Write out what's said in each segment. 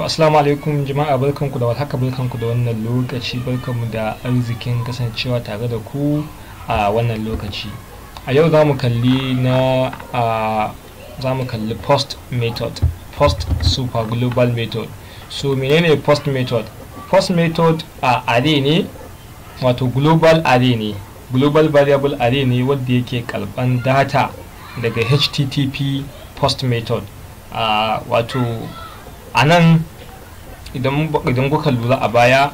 To assalamu alaikum jama'a barkanku da warhaka barkanku da wannan lokaci mu da arzikin kasancewa tare da ku a wannan lokaci. A yau za mu kalli na a za kalli post method post super global method. So menene post method? Post method a are ne wato global are ne global variable are ne wadda yake kalban data daga http post method a wato a nan idan kuka lura a baya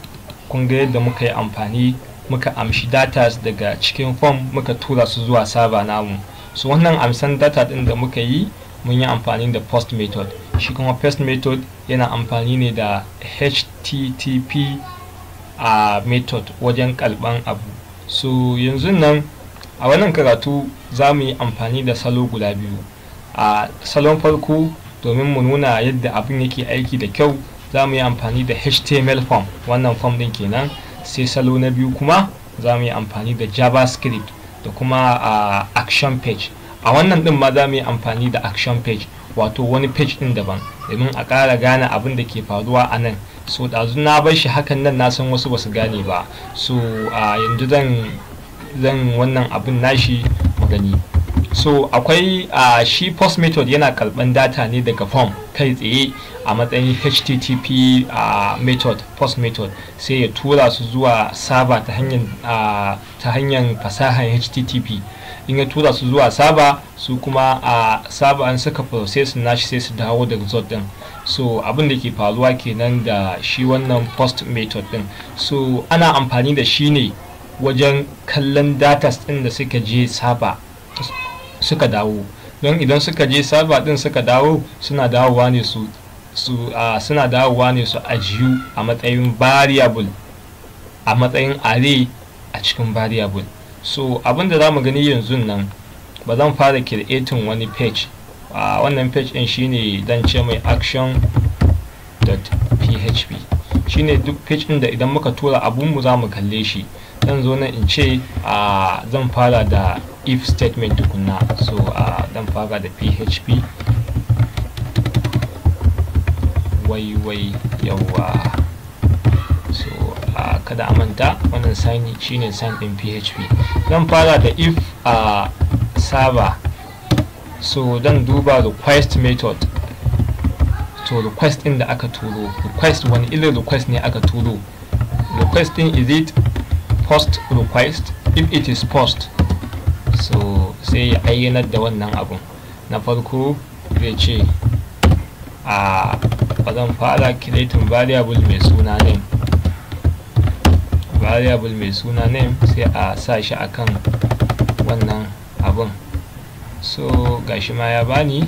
kun ga yadda muka yi amfani muka amshi data daga cikin form muka tura su zuwa saba namu su wannan amsan data din da muka yi mun yi amfani da post method shi kuma post method yana amfani ne da http a method wajen kalban abu su yanzu nan a wannan karatu za mu yi amfani da salo guda biyu a salon farko domin mu nuna yadda abin yake aiki da kyau za mu yi amfani da html form wannan form din kenan sai salo na biyu kuma za mu yi amfani da javascript da kuma a action page a wannan din ma za mu yi amfani da action page wato wani page din daban domin a ƙara gane abin da ke faruwa a nan so ɗazu na bar shi hakan nan na san wasu basu gane ba so a yanzu zan wannan abin nashi magani so akwai a shi post method yana kalban data ne daga form kai tsaye a matsayin http method post method sai ya tura su zuwa server ta hanyar ta fasahar http in ya tura su zuwa saba su kuma a saba an suka process na shi sai su dawo da result din so abin da ke faruwa kenan da shi wannan post method din so ana amfani da shi ne wajen kallon data din da suka je saba suka dawo don idan suka je saba din suka dawo suna dawowa ne su su suna dawowa ne su ajiyu a matsayin variable a matsayin are a cikin variable so abinda za mu gani yanzu nan ba zan fara creating wani page a wannan page din shine dan ce mai action.php shine duk page din da idan muka tura abun mu za mu kalle shi zan zo nan in ce a zan fara da if statement tukuna so dan uh, fara da php wai wai yawa so uh, kada a manta wannan sani shine sign din php dan fara da if a uh, server so dan duba request method to request din da aka turo request wani irin request ne aka turo request din is it post request if it is post so sai ya ayyanar da wannan abun na farko zai ce a bazan fara creating variable mai suna name variable mai suna name sai a sa shi akan wannan abun so gashi ma ya bani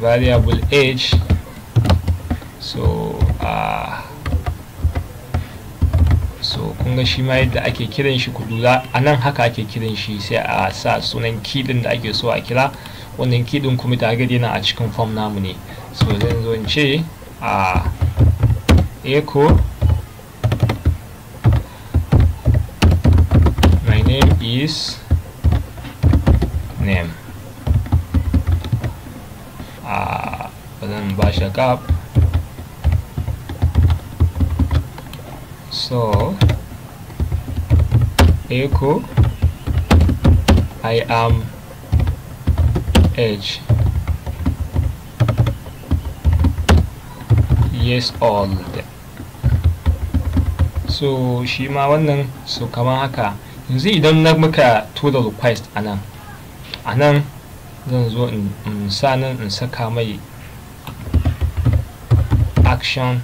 variable age so a uh, kun ga shi ma yadda ake kiran shi ku a nan haka ake kiran shi sai a sa sunan kidin da ake so a kira wannan kidin kuma ta target yana a cikin form namu ne so zan zo in ce a echo my name is name a zan ba shi cap so echo I am edge yes all so shi ma wannan so kamar haka yanzu idan na muka tura request a nan a nan zan zo in sa nan in saka mai action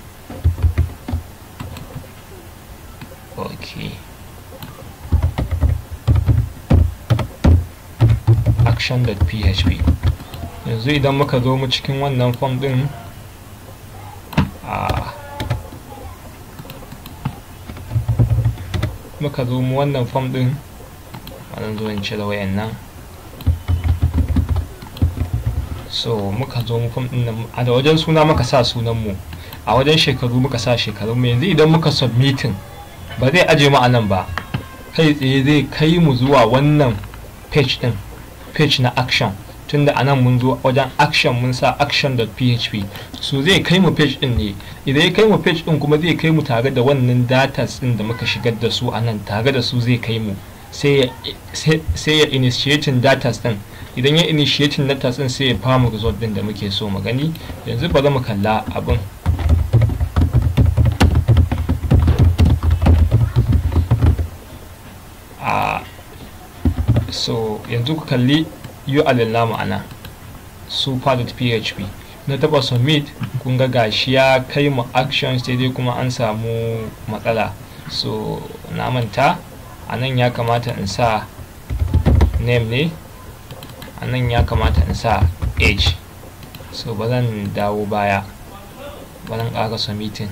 action.php yanzu idan muka zo mu cikin wannan form din ah muka zo mu wannan form din zan zo in cire wayannan so muka zo mu form din nan a da wajen suna muka sa sunan mu a wajen shekaru muka sa shekarun mu yanzu idan muka submitin ba zai aje mu a nan ba kai tsaye zai kai mu zuwa wannan page din page na action tunda a nan mun zo wajen action mun sa action.php so zai kai mu page din ne idan ya kai mu page din kuma zai kai mu tare da wannan datas din da muka shigar da su anan tare da su zai kai mu sai ya initiating datas din idan ya initiating datas din sai ya famu result din da muke so mu gani yanzu ba za mu kalla abin yanzu ku kalli url na ma'ana super.php na taba submit kun ga gashi ya kai mu action sai dai kuma an samu matsala so na manta a nan ya kamata in sa name ne a nan ya kamata in sa age so ba zan dawo baya ba zan ƙara submitting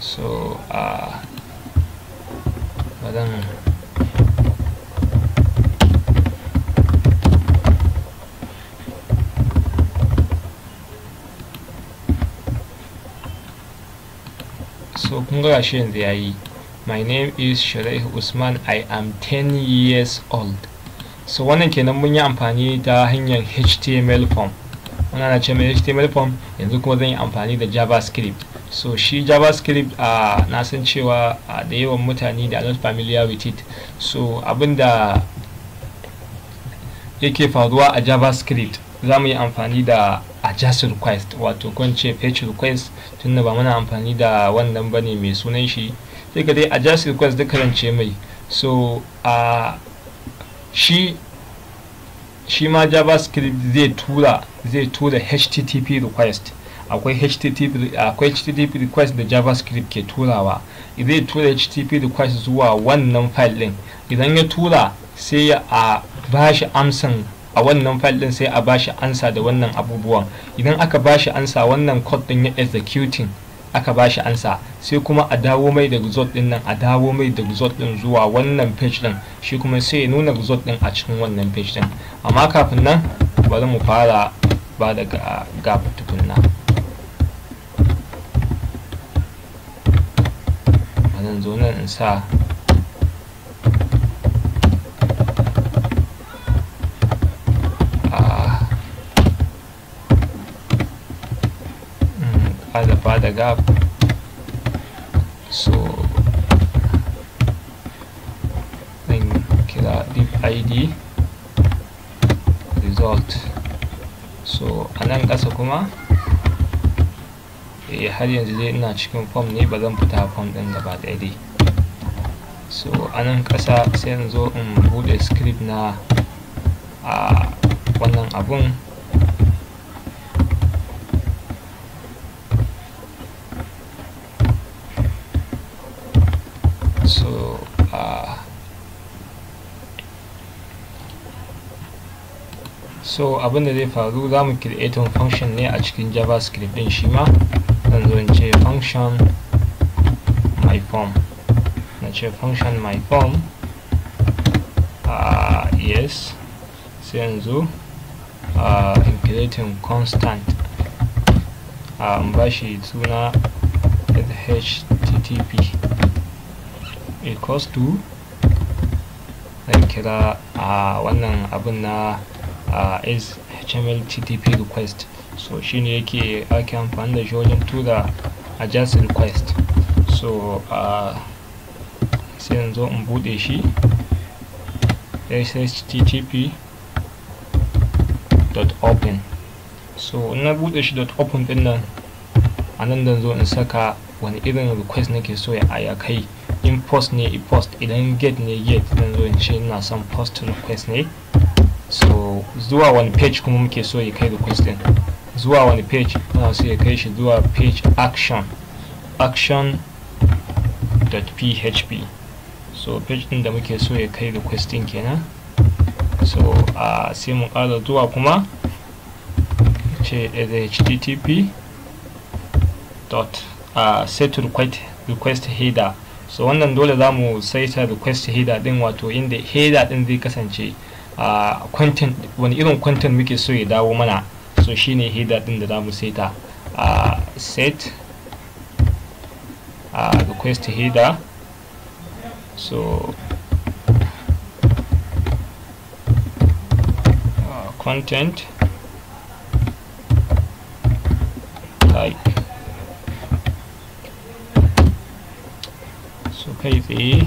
so uh, wajen so kun ga yanzu ya yi my name is Sharif Usman I am 10 years old so wannan kenan mun yi amfani ta hanyar HTML form wannan na ce mai HTML form yanzu kuma zan yi amfani da JavaScript so shi javascript a na san cewa da yawan mutane da not familiar with it so abinda yake faruwa a javascript za mu yi amfani da adjust request wato ko fetch request da ba muna amfani da wannan bane mai sunan shi sai ka dai adjust request duka rance mai so a shi shi ma javascript zai tura zai tura http request akwai http akwai http request da javascript ke turawa zai tura http request zuwa wannan file din idan ya tura sai ya a bashi amsan a wannan file din sai a bashi ansa da wannan abubuwan idan aka bashi ansa wannan code din ya executing aka bashi ansa sai kuma a dawo mai da result din nan a dawo mai da result din zuwa wannan page din shi kuma sai ya nuna result din a cikin wannan page din amma kafin nan bari mu fara ba da ga tukunna zan zo nan in sa fada da gap so zan kira deep id result so a nan ƙasa kuma eh har yanzu dai ina cikin form ne ba zan fita form din gaba dai so a nan ƙasa sai in zo in bude script na a wannan abun so abinda zai faru zamu mu creating function ne a cikin javascript din shi ma în zo in ce e function mypom. Deci e function mypom uh, yes sai uh, in creating constant uh, bashi suna http equals to zan kira a wannan abin na Uh, is html ttp request so shine yake ake amfani da shi wajen tura a just request so uh, sai yanzu in bude shi http open so na bude shi open din nan a nan da zo in saka wani irin request nake so ya kai in post ne i post idan get ne get zan zo in ce ina son post request ne so zuwa wani page kuma muke so ya kai ga zuwa wani page ana so ya kai shi zuwa page action action.php so page din da muke so ya kai ga din kenan so a sai mu kada zuwa kuma ce http dot a set request request header so wannan dole za mu saita request header din wato inda header din zai kasance wani irin content muke so ya dawo mana so shine header din da za mu seta set request header so content type so kai tsaye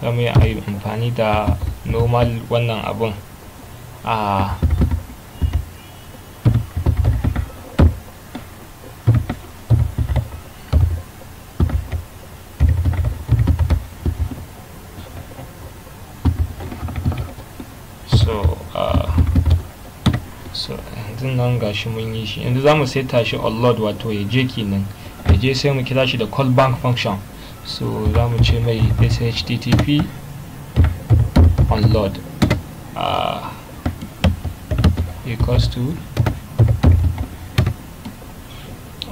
zama mu yi amfani da normal wannan abun a yanzu nan gashi mun yi shi yanzu za mu saita shi onload wato ya je kenan ya je sai mu kira shi da call bank function so za mu ce mai shttp unload uh, ah, equals to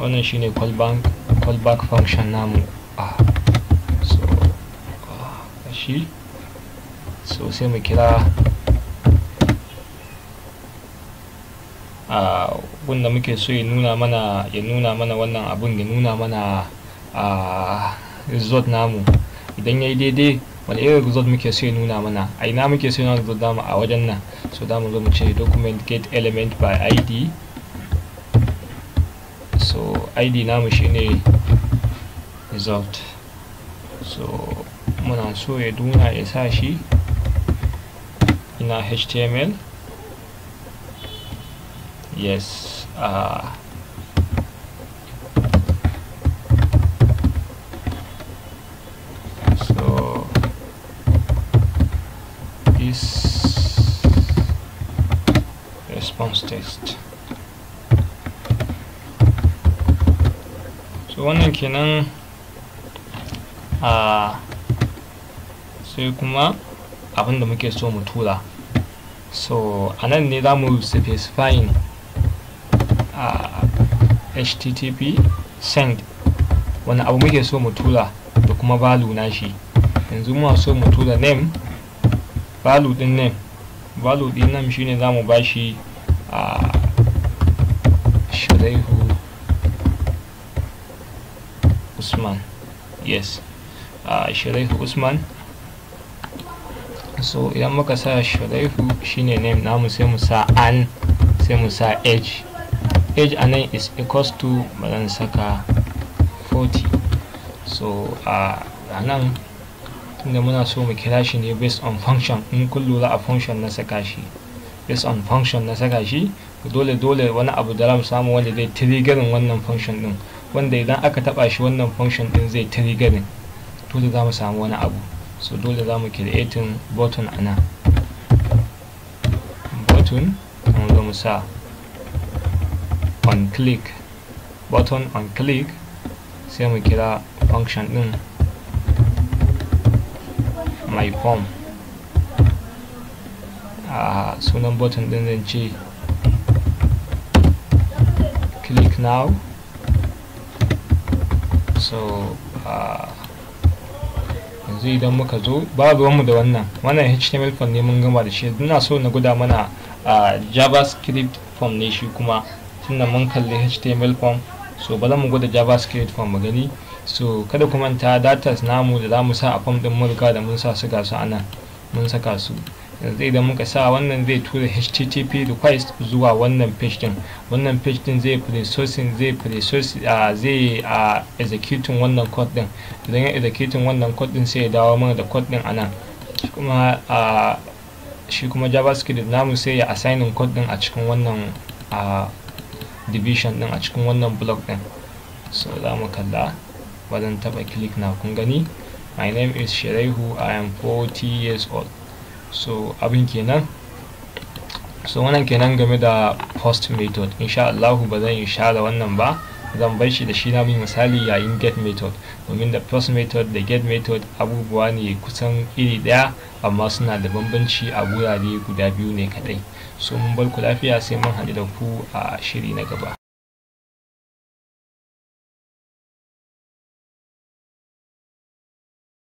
wannan shine callback callback function namu a ah, so ah, shi so sai mu kira a wanda muke so ya nuna mana ya nuna mana wannan abun ya nuna mana a result namu idan ya yi daidai wani irin result muke so ya nuna mana a ina muke so ya nuna result namu a wajen nan so da mu zo mu ce document get element by id so id namu shine result so muna so ya nuna ya sa shi ina html yes ah, text so wannan kenan ah, sai kuma abinda muke so mu tura so a nan ne zamu mu a ah, http send wani abu muke so mu tura da kuma value na shi yanzu muna so mu tura name value din name value din name shine zamu mu bashi a usman yes a usman so idan muka sa shalaihu shine name namu sai mu sa an sai mu sa age age anan is equals to bazan saka 40 so a nan tunda muna so mu kira shi ne based on function in kun lura a function na saka shi based on function na saka shi dole dole wani abu da mu samu wanda zai triggerin wannan function din wanda idan aka taba shi wannan function din zai triggerin dole za mu samu wani abu so dole za mu creating button ana button an zo mu sa on click button on click sai mu kira function din my form a ah, sunan button din zan ce click now so ah, yanzu idan muka zo babu ruwanmu da wannan wannan html form ne mun gama da shi ina so na guda mana a ah, javascript form ne shi kuma tunda mun kalli html form so ba za mu gwada javascript form mu gani so kada ku manta datas namu da za mu sa a form din mulka da mun sa su ga su anan mun saka su yanzu idan muka sa wannan zai tura http request zuwa wannan page din wannan page din zai processing zai processing zai a executing wannan code din idan ya executing wannan code din sai ya dawo mana da code din anan kuma a shi kuma javascript namu sai ya assigning code din a cikin wannan a division din a cikin wannan block din so za mu kalla wajen taba click na kun gani my name is shiraihu i am 40 years old so abin kenan so wannan kenan game da post method insha Allah ba zan share wannan ba zan bar shi da shi na misali yayin get method domin da post method da get method abubuwa ne kusan iri daya amma suna da bambanci a gurare guda biyu ne kadai so mun bar ku lafiya sai mun haɗu da ku a shiri na gaba